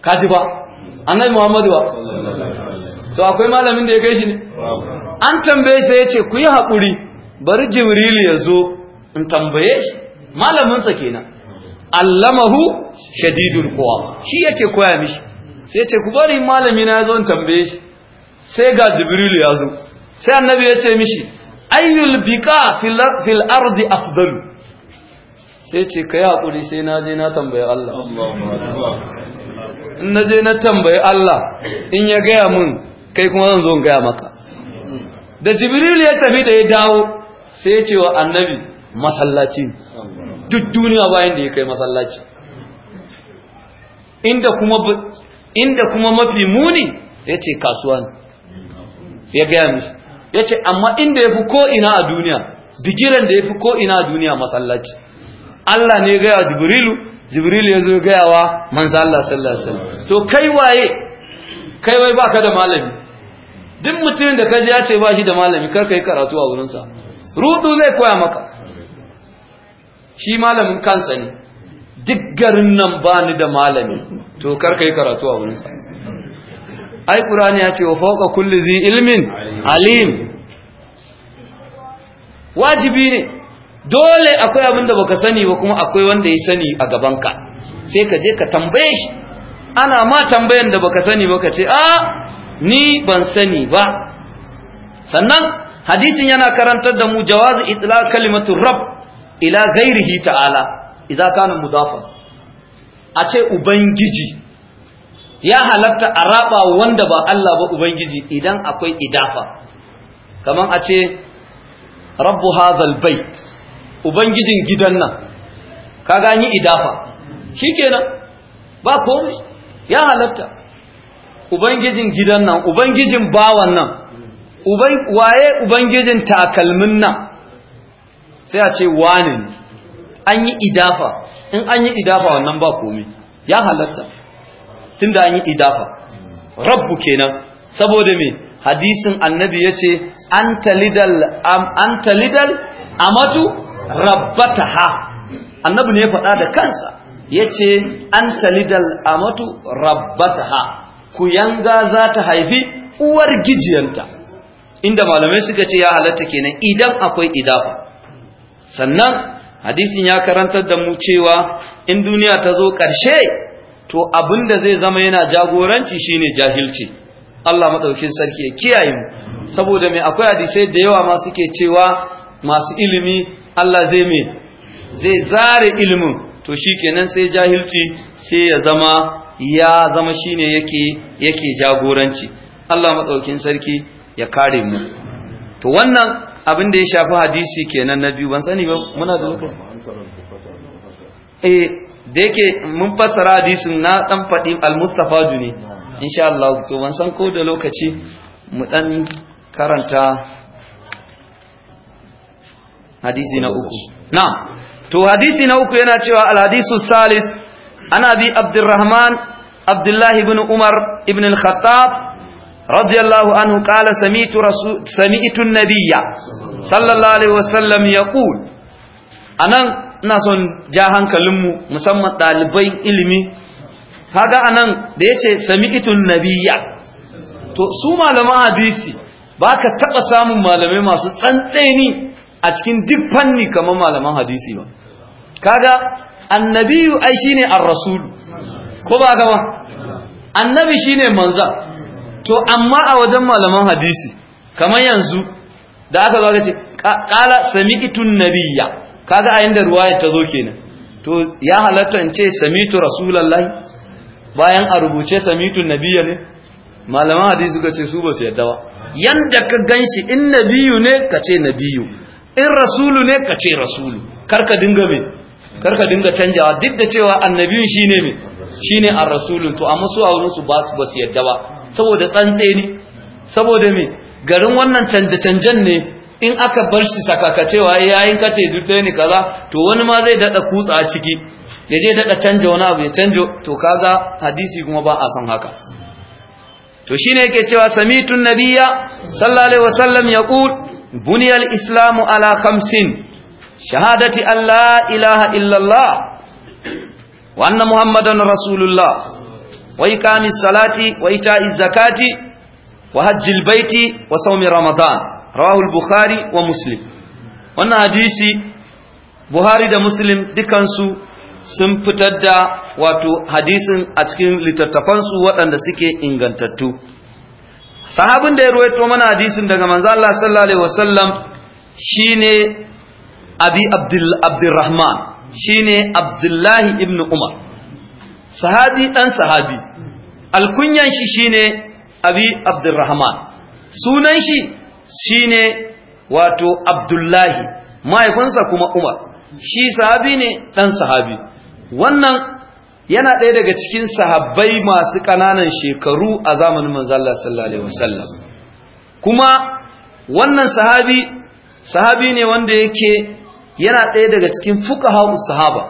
ka ji ba annabi muhammadu ba to akwai malamin da ya kai shi ne an tambaye sai ya ce ku yi haƙuri bari jibril ya zo in tambaye shi malaminsa kenan allamahu shadidul quwa shi yake koya mishi sai ce ku bari malami na zo in tambaye shi sai ga jibril ya zo sai annabi ya ce mishi ayyul bika fil ardi afdalu sai ce ka yi haƙuri sai na je na tambayi Allah in na je na tambayi Allah in ya gaya mun kai kuma zan zo gaya maka da jibril ya tafi da ya dawo sai ya ce wa annabi masallaci duk duniya bayan da ya kai masallaci inda kuma inda kuma mafi muni ya ce kasuwa ne ya gaya mishi ya ce amma inda ya fi ko'ina a duniya bigiran da ya fi ko'ina a duniya masallaci Allah ne gaya jibrilu jibrilu ya zo gaya wa manzo Allah sallallahu alaihi wasallam to kai waye kai wai baka da malami duk mutumin da kaji ya ce ba shi da malami kar ka yi karatu a wurinsa rudu zai koya maka shi malamin kansa ne duk garin nan ba ni da malami to kar ka yi karatu a wurinsa ai ƙurani ya ce wa fauka kulli zi ilmin alim wajibi ne dole akwai abin da baka sani ba kuma akwai wanda ya sani a gabanka sai ka je ka tambaye shi ana ma tambayan da baka sani ba ka ce a ni ban sani ba sannan hadisin yana karantar da mu jawazu itla kalimatu rabb ila ghairihi ta'ala idza kana mudafa a ce ubangiji ya halatta a raba wanda ba Allah ba ubangiji idan akwai idafa kaman a ce rabbu hadzal bait ubangijin gidan nan ka gani idafa kenan, ba komi? ya halatta ubangijin gidan nan ubangijin bawan nan waye ubangijin takalmin nan sai a ce wani ne an yi idafa in an yi idafa wannan ba komi? ya halatta Tun da an yi idafa rabbu kenan saboda me hadisin annabi ce, an talidal am an talidal amatu rabbataha annabi ne ya faɗa da kansa yace an talidal amatu rabbataha yanga za ta haifi uwar gijiyanta inda malamai suka ce ya halatta kenan idan akwai idafa sannan hadisin ya karantar da mu cewa in duniya ta zo ƙarshe to abinda zai zama yana jagoranci shine jahilci Allah maɗaukin sarki ya kiyaye mu saboda mai akwai hadisai da yawa ma suke cewa masu ilimi Allah zai me zai zare ilimin to shi kenan sai jahilci sai ya zama ya zama shine yake yake jagoranci Allah matsaukin sarki ya kare mu to wannan abin da ya shafi hadisi kenan na biyu ban sani ba muna da lokaci eh da yake mun fassara hadisin na dan faɗi al-mustafa ne insha Allah to ban san ko da lokaci mu dan karanta hadisi na uku na to hadisi na uku yana cewa alhadisu salis ana bi abdurrahman Abdullahi ibn umar ibn al-khattab radiyallahu anhu qala sami'tu rasul sami'tu an-nabiyya sallallahu alaihi wasallam yaqul anan ina son ja hankalinmu musamman ɗalibai ilimi kaga anan da yace sami'tu an-nabiyya to su malaman hadisi baka taba samun malamai masu tsantseni a cikin duk fanni kamar malaman hadisi ba kaga annabiyu ai shine ar-rasul ko ba ga ba annabi shine manza. to amma a wajen malaman hadisi kamar yanzu da aka zo aka ce qala sami'tun nabiyya kaga a inda ruwaya ta zo kenan to ya halatta in ce sami'tu rasulullahi bayan a rubuce sami'tun nabiyya ne malaman hadisi suka ce su ba su yadda ba yanda ka ganshi in nabiyu ne ka ce nabiyu in rasulu ne ka ce rasulu karka dinga me karka dinga canjawa duk da cewa ne shine me shine ar-rasulun to amma su a wurin su ba su yadda ba saboda tsantse ne saboda me garin wannan canje-canjen ne in aka bar shi sakaka cewa eh, yayin kace duk ɗaya ne kaza to wani ma zai dada kutsa a ciki ya je dada canja wani abu ya canjo to kaga hadisi kuma ba a san haka to shine yake cewa samitun nabiyya sallallahu alaihi wasallam yaqul buniyal islamu ala khamsin shahadati Allah ilaha illallah wa anna muhammadan rasulullah wa iqamis salati wa ita'iz zakati wa hajjil baiti wa sawmi ramadan rawahu al-bukhari wa muslim wannan hadisi buhari da muslim dukansu sun fitar da wato hadisin a cikin littattafansu waɗanda suke ingantattu sahabin da ya ruwaito mana hadisin daga manzo Allah sallallahu alaihi wasallam shine abi abdul abdurrahman shine abdullahi ibn umar sahabi dan sahabi alkunyan shi shine abi abdurrahman sunan shi shine wato abdullahi mahaifinsa kuma umar shi sahabi ne dan sahabi wannan yana ɗaya daga cikin sahabbai masu ƙananan shekaru a zamanin manzala sallallahu alaihi wasallam kuma wannan sahabi sahabi ne wanda yake yana ɗaya daga cikin fuqaha sahaba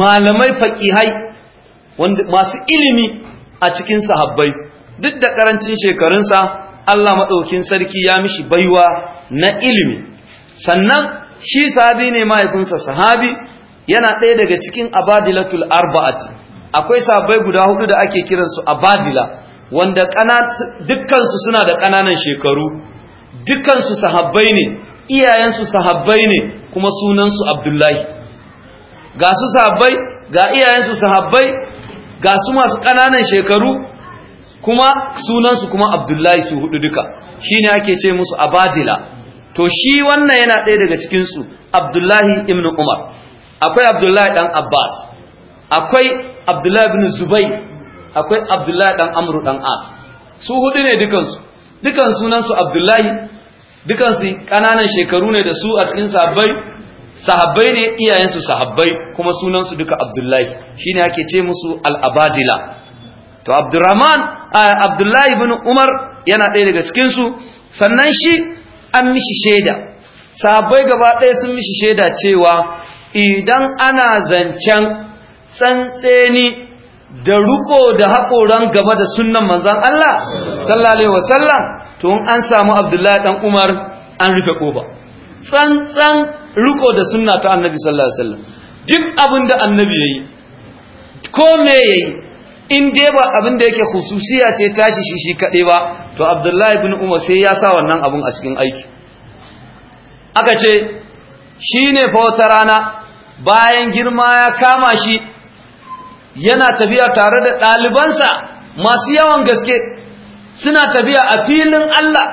malamai faƙihai masu ilimi a cikin sahabbai duk da ƙarancin shekarunsa Allah maɗaukin sarki ya mishi baiwa na ilimi sannan shi sahabi ne mahaifinsa sahabi yana ɗaya daga cikin abadilatul arba'ati akwai sabai guda hudu da ake kiransu abadila wanda dukkansu suna da ƙananan shekaru dukkansu sahabbai ne iyayensu sahabbai ne kuma sunansu abdullahi ga su sahabbai ga iyayensu sahabbai ga su masu ƙananan shekaru kuma sunansu kuma abdullahi su hudu duka shine ake ce musu abadila to shi wannan yana ɗaya daga cikinsu abdullahi ibn umar akwai abdullahi ɗan abbas akwai abdullahi bin zubai akwai abdullahi dan amru dan as su hudu ne dukansu dukan sunansu abdullahi dukansu kananan shekaru ne da su a cikin sahabbai sahabbai ne iyayensu sahabbai kuma sunansu duka abdullahi shine ake ce musu al'abadila. abadila to abdurrahman abdullahi bin umar yana ɗaya daga cikinsu sannan shi an mishi shaida sahabbai gaba ɗaya sun mishi shaida cewa idan ana zancen tsantseni da ruko da haƙoran gaba da sunan manzan Allah sallallahu wasallam to an samu abdullahi dan umar an rufe ƙoba tsantsan ruko da sunna ta annabi sallallahu wasallam duk abin da annabi ya yi ko me ya yi in dai ba abin da yake hususiya ce tashi shi shi kaɗai ba to abdullahi bin umar sai ya sa wannan abin a cikin aiki aka ce shi ne fa wata rana bayan girma ya kama shi yana tafiya tare da ɗalibansa masu yawan gaske suna tafiya a filin Allah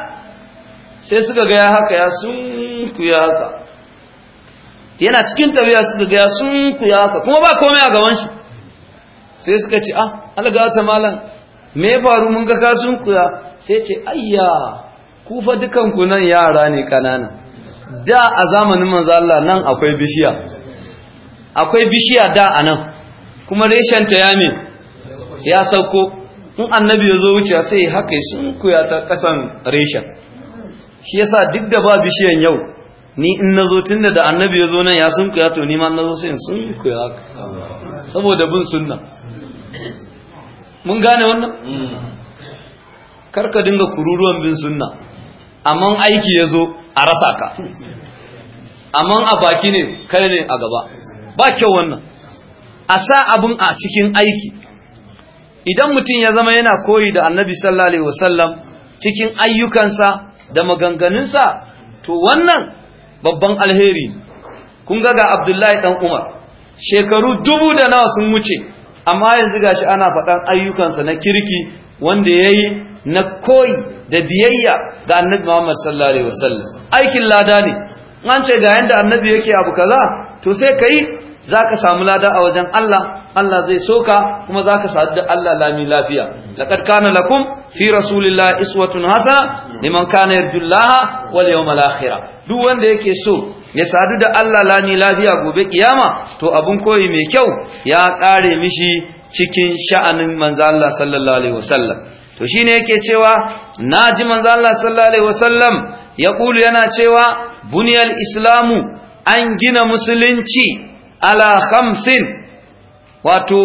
sai suka ga ya haka ya sun ya haka yana cikin tafiya suka ga ya sun ya haka kuma ba komai a gaban shi sai suka ce ah ta malam me ya faru mun ga ka sun ya sai ce ayya ku fa dukan ku nan yara ne kanana da a zamanin manzo Allah nan akwai bishiya akwai bishiya da anan kuma ta ya ne ya sauko in annabi ya zo wuce sai haka sun kuya ta kasan reshen shi yasa duk da ba bishiyan yau ni in nazo tunda da annabi ya zo nan ya sun kuya to ni ma zo sai sun kuya haka saboda bin sunna mun gane wannan karka dinga kururuwan bin sunna amma aiki ya zo a rasa ka amma a baki ne kai ne a gaba ba kyau wannan a sa abun a cikin aiki idan mutum ya zama yana koyi da annabi sallallahu alaihi wasallam cikin ayyukansa da maganganunsa to wannan babban alheri kun ga ga abdullahi dan umar shekaru dubu da nawa sun wuce amma yanzu ga shi ana faɗan ayyukansa na kirki wanda ya yi na koyi da biyayya ga annabi muhammad sallallahu alaihi wasallam aikin lada ne an ce ga yanda annabi yake abu kaza to sai ka yi za ka samu lada a wajen Allah Allah zai soka kuma za ka sadu da Allah lami lafiya laqad kana lakum fi rasulillahi iswatun hasana liman kana yarjullaha wal yawmal akhir duk wanda yake so ya sadu da Allah lami lafiya gobe kiyama to abin koyi mai kyau ya kare mishi cikin sha'anin manzo Allah sallallahu alaihi wasallam to shine yake cewa naji manzo Allah sallallahu alaihi wasallam ya ƙulu yana cewa buniyal islamu an gina musulunci ala khamsin wato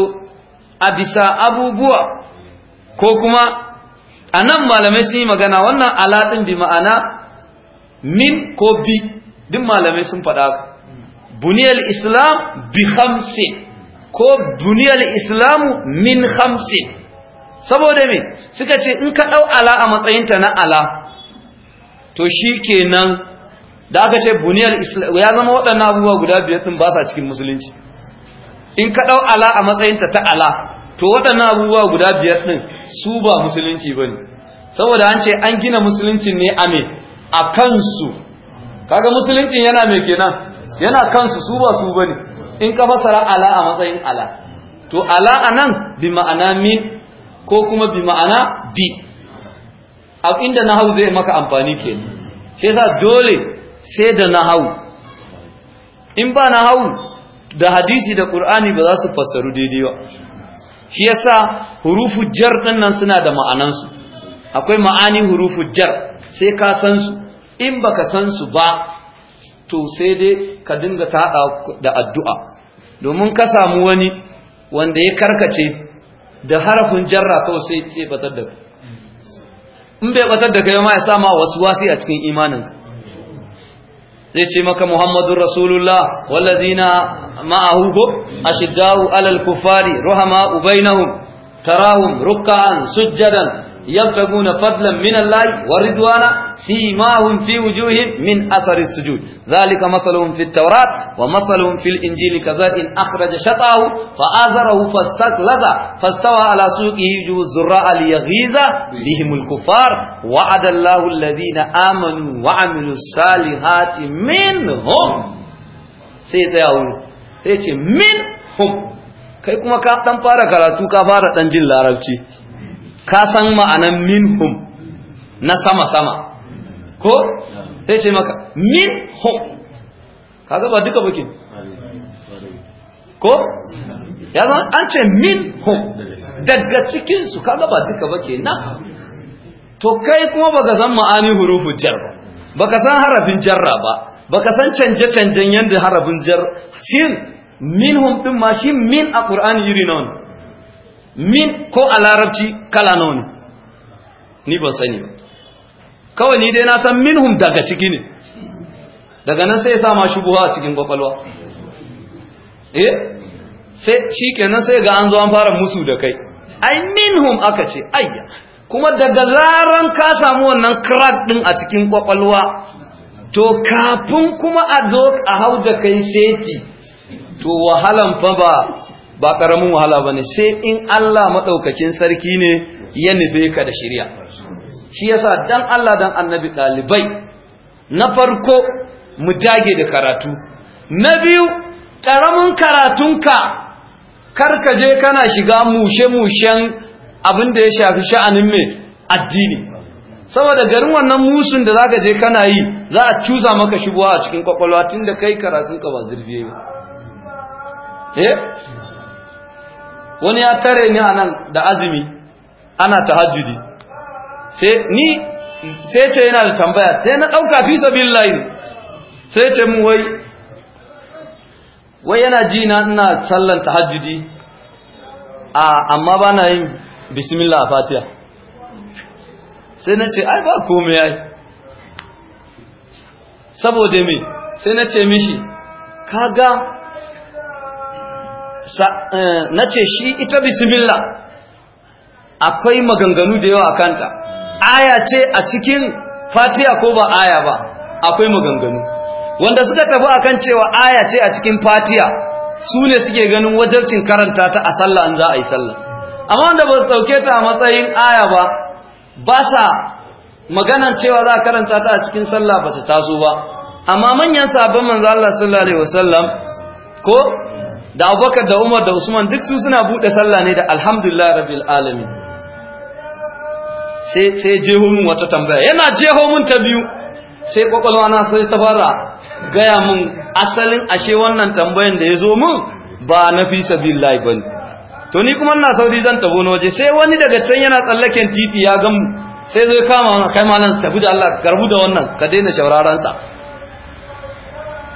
a bisa abubuwa ko kuma a nan malamai sun yi magana wannan aladin bi ma'ana min ko bi duk malamai sun faɗa buniyar islam bi khamsin ko buniyar islamu min hamsin saboda me suka ce in ka ɗau ala a matsayinta na ala to shi kenan da aka ce buniyar islam ya zama waɗannan abubuwa guda biyar ɗin ba sa cikin musulunci in ka ɗau ala a matsayinta ta ala to waɗannan abubuwa guda biyar ɗin su ba musulunci ba ne saboda an ce an gina musuluncin ne a me a kansu kaga musuluncin yana me kenan yana kansu su ba su ba ne in ka fasara ala a matsayin ala to ala a nan bi ma'ana min ko kuma bi ma'ana bi a inda na hau zai maka amfani kenan shi yasa dole sai da na hau, in ba na hau da hadisi da ƙur'ani ba za su fassaru daidai ba shi yasa hurufu jar dinnan suna da ma'anansu akwai ma'ani hurufu jar sai ka san su in ba ka san su ba to sai dai ka dinga tada da addu'a domin ka samu wani wanda ya karkace da harafin jarra kawai sai sai batar da in bai batar da kai ma ya sama wasu wasi a cikin imaninka zai ce maka muhammadun rasulullah wallazina ma'ahu go ashiddau alal kufari ruhama ubainahum tarahum ruk'an sujjadan يبتغون فضلا من الله ورضوانا سيماهم في وجوههم من أثر السجود ذلك مثلهم في التوراة ومثلهم في الإنجيل كذلك أخرج شطاه فآذره فاستقلد فاستوى على سوقه يجوز الزراء ليغيظ بهم الكفار وعد الله الذين آمنوا وعملوا الصالحات منهم سيتاوي سيتي منهم كيف kuma ka dan على karatu ka تنجل لارالتي ka san ma'anan minhum na sama-sama ko sai ce maka minhum ka zaba duka bakin ko ya zama an ce minhum daga cikinsu ka zaba duka bukin na to kai kuma baka san ma'ani hurufu jar ba baka san harafin jarra ba baka san canje-canjen yadda harafin jar shi minhum din ma shi min a ƙur'ani iri na wani min ko a larabci kala nawa ni ban sani ba kawai ni dai na san minhum daga ciki ne daga nan sai ya sama shubuwa a cikin kwakwalwa eh sai shi kenan sai ga an zo an fara musu da kai ai minhum aka ce ayya kuma daga laran ka samu wannan crack din a cikin kwakwalwa to kafin kuma a zo a hau da kai seti to wahalan fa ba ba ƙaramin wahala ba ne sai in Allah maɗaukacin sarki ne ya nufe ka da shirya shi yasa dan Allah dan annabi ɗalibai na farko mu dage da karatu na biyu ƙaramin karatunka karka je kana shiga mushe-mushen abin da ya shafi sha'anin mai addini saboda garin wannan musun da zaka je kana yi za a cuza maka shigowa a cikin kwakwalwa tun da kai karatunka ba zirfiye ba eh? wani ya tare ni a nan da azumi ana tahajjudi sai ni sai ce yana da tambaya sai na ɗauka fi layi sai ce mu wai wai yana ji na ina sallan tahajjudi a amma ba na yin bismillah a Fatiya. sai na ce ai ba komai yi saboda me sai na ce mishi ka ga. Eh, na ce shi ita bismillah akwai maganganu da yawa a kanta aya ce a cikin fatiha ko ba aya ba akwai maganganu wanda suka tafi akan cewa aya ce a cikin Fatiya su ne suke ganin wajabcin karanta ta a sallah an za a yi sallah amma wanda ba su ɗauke ta a matsayin aya ba ba sa maganan cewa za a karanta ta a cikin sallah ba ta taso ba amma manyan sabon manzo Allah sallallahu alaihi wasallam ko da abubakar da umar da usman duk su suna buɗe sallah ne da alhamdulillah rabil alamin sai sai jeho wata tambaya yana jeho mun ta biyu sai kwakwalwa na sai ta fara gaya mun asalin ashe wannan tambayan da ya zo mun. ba na fi ba ne to ni kuma na sauri zan tabo na waje sai wani daga can yana tsallaken titi ya gamu sai zai kama wannan kai malam tafi da Allah garbu da wannan ka daina shauraran sa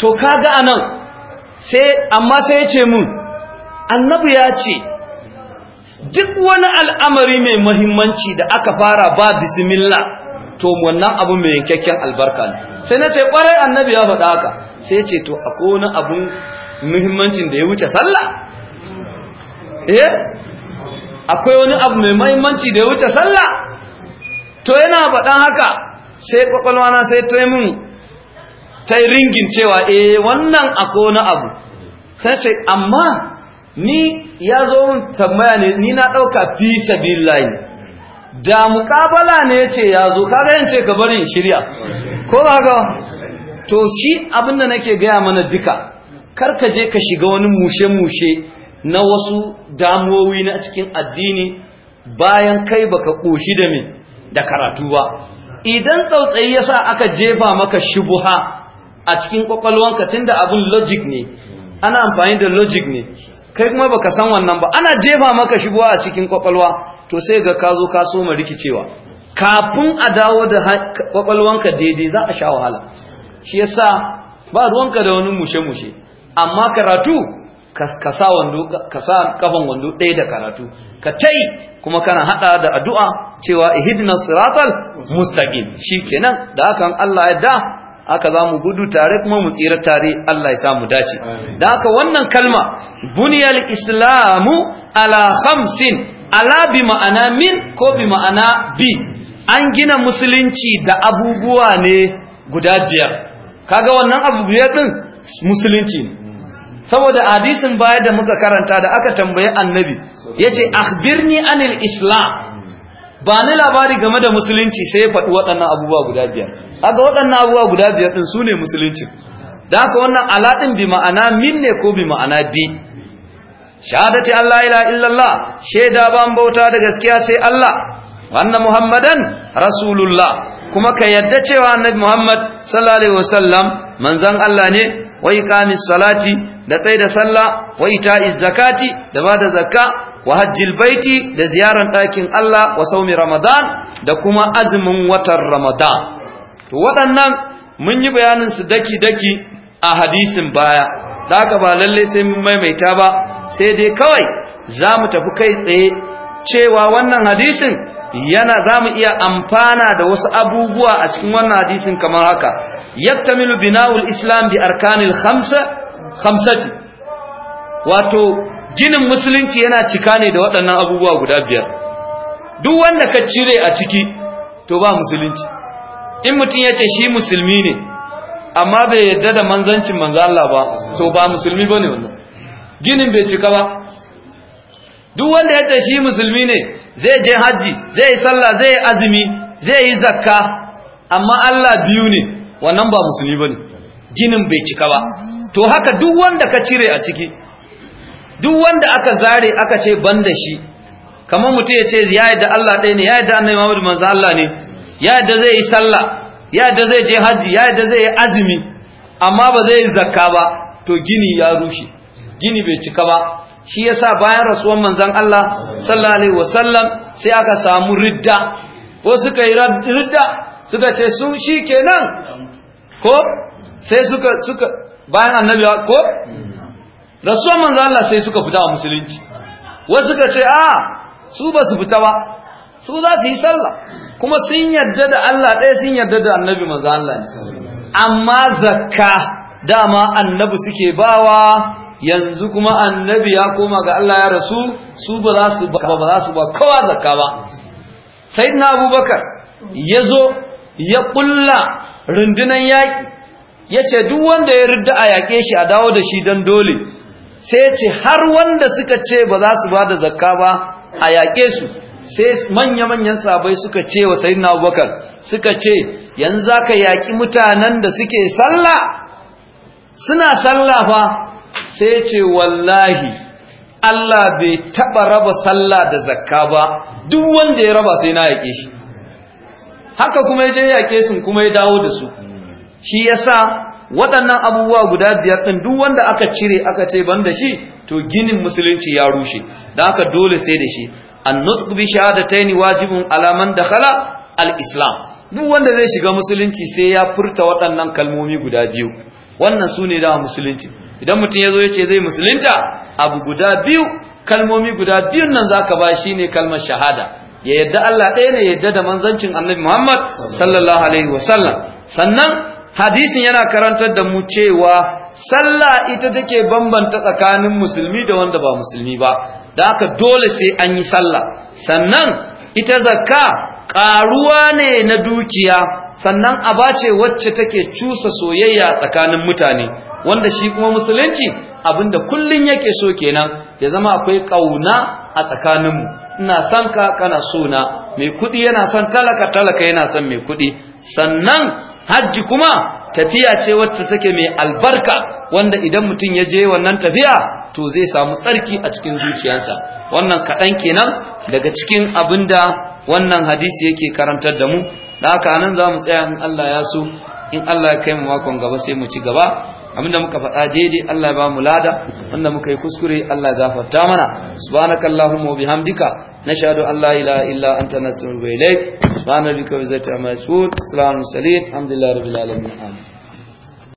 to kaga anan sai amma sai ya ce mun annabi ya ce duk wani al'amari mai muhimmanci da aka fara ba bismillah to wannan abu mai yankakken albarka ne sai na ce kwarai annabi ya faɗa haka sai ce to akwai wani abu muhimmancin da ya wuce sallah eh akwai wani abu mai muhimmanci da ya wuce sallah to yana faɗan haka sai ƙwaƙwalwa na sai ta yi mun ta ringin cewa eh wannan ako na abu sai ce amma ni ya zo mun tambaya ne ni na ɗauka fi sabillahi da muƙabala ne ce ya zo kaga yin ce ka bari in shirya ko ba ga to shi abin da nake gaya mana duka kar ka je ka shiga wani mushe-mushe na wasu damuwowi na cikin addini bayan kai baka ƙoshi da me da karatu ba idan tsautsayi yasa aka jefa maka shubuha a cikin kwakwalwanka da abin logic ne ana amfani da logic ne kai kuma baka san wannan ba ana jefa maka shigowa a cikin kwakwalwa to sai ga ka zo ka soma rikicewa kafin a dawo da kwakwalwanka daidai za a sha wahala shi yasa ba ruwanka da wani mushe-mushe amma karatu ka sa wando ka sa kafan wando ɗaya da karatu ka tai kuma kana hada da addu'a cewa ihdinas siratal mustaqim shikenan da hakan Allah ya da Aka za mu gudu tare kuma mu tsira tare Allah ya samu dace da haka wannan kalma buniyal islamu ala khamsin ala bi ma'ana min ko bi ma'ana bi an gina musulunci da abubuwa ne guda biyar kaga wannan abu biyar din musulunci saboda hadisin baya da muka karanta da aka tambaye annabi yace akhbirni anil islam ba ni labari game da musulunci sai ya faɗi waɗannan abubuwa guda biyar aga waɗannan abubuwa guda biyar ɗin su ne musulunci da haka wannan alaɗin bi ma'ana min ne ko bi ma'ana bi shahadati Allah ila illallah shaida ban bauta da gaskiya sai Allah wannan muhammadan rasulullah kuma ka yadda cewa annabi muhammad sallallahu alaihi wasallam manzon Allah ne wa iqamis salati da tsaida sallah wa ita'iz zakati da bada zakka wa hajjil baiti da ziyaran ɗakin Allah wa saumi Ramadan da kuma azumin watan Ramadan to waɗannan mun yi bayanin su daki-daki a hadisin baya da ba lalle sai mun maimaita ba sai dai kawai za mu tafi kai tsaye cewa wannan hadisin yana za mu iya amfana da wasu abubuwa a cikin wannan hadisin kamar haka yaktamilu bina'ul islam bi arkanil khamsa khamsati wato ginin musulunci yana cika ne da waɗannan abubuwa guda biyar duk wanda ka cire a ciki to ba musulunci in mutum ya ce shi musulmi ne amma bai yarda da manzancin manzo Allah ba to ba musulmi bane wannan ginin bai cika ba duk wanda ya ce shi musulmi ne zai je haji zai yi sallah zai yi azumi zai yi zakka amma Allah biyu ne wannan ba musulmi bane ginin bai cika ba to haka duk wanda ka cire a ciki duk wanda aka zare aka ce ban da shi kamar mutum ya ce ya yadda Allah ɗaya ne ya yadda annabi Muhammad manzo Allah ne ya yadda zai yi sallah ya yadda zai je haji ya yadda zai yi azumi amma ba zai yi zakka ba to gini ya rushe gini bai cika ba shi yasa bayan rasuwan manzon Allah sallallahu alaihi wasallam sai aka samu ridda ko suka yi ridda suka ce sun shikenan ko sai suka suka bayan annabi ko rasuwan manzo Allah sai suka fita a musulunci wasu suka ce a su ba su fita ba su za su yi sallah kuma sun yarda da Allah ɗaya sun yarda da annabi manzo Allah amma zakka dama annabi suke bawa yanzu kuma annabi ya koma ga Allah ya rasu su ba za su ba za su ba kowa zakka ba sayyidina abubakar ya zo ya kulla rundunan yaƙi ya ce duk wanda ya rudda a yaƙe shi a dawo da shi don dole sai ce har wanda suka ce ba za su ba da zakka ba a yaƙe su sai manya-manyan sabai suka ce wa sayi na abubakar suka ce yanzu za ka yaƙi mutanen da suke sallah suna salla ba sai ce wallahi Allah bai taɓa raba sallah da zakka ba duk wanda ya raba sai na yaƙe shi haka kuma ya je yaƙe sun kuma ya dawo da su shi yasa waɗannan abubuwa guda biyar ɗin duk wanda aka cire aka ce ban da shi to ginin musulunci ya rushe da aka dole sai da shi an nutq bi shahadatayn wajibun alaman dakhala al-islam duk wanda zai shiga musulunci sai ya furta waɗannan kalmomi guda biyu wannan su ne da musulunci idan mutum ya zo ya ce zai musulunta abu guda biyu kalmomi guda biyun nan za ba shi ne kalmar shahada ya yadda Allah ɗaya ne ya yadda da manzancin annabi Muhammad sallallahu alaihi wasallam sannan hadisin yana karantar da mu cewa sallah ita take bambanta tsakanin musulmi da wanda ba musulmi ba da haka dole sai an yi sallah sannan ita zakka karuwa ne na dukiya sannan aba ce wacce take cusa soyayya tsakanin mutane wanda shi kuma musulunci abinda kullun yake so kenan ya zama akwai kauna a tsakaninmu ina son ka kana so mai kudi yana son talaka talaka yana son mai kudi sannan hajji kuma tafiya ce wacce take mai albarka wanda idan mutum ya je wannan tafiya to zai samu tsarki a cikin zuciyarsa wannan kaɗan kenan daga cikin abin da wannan hadisi yake karantar da mu da haka nan za mu tsaya in Allah ya so in Allah ya kai mu makon gaba sai mu ci gaba abinda muka faɗa daidai Allah ya ba mu lada wanda muka yi kuskure Allah ya gafarta mana subhanakallahumma wa bihamdika nashhadu an la ilaha illa anta nastaghfiruka wa ilayk subhanaka wa bihamdika assalamu alaikum alhamdulillahi rabbil alamin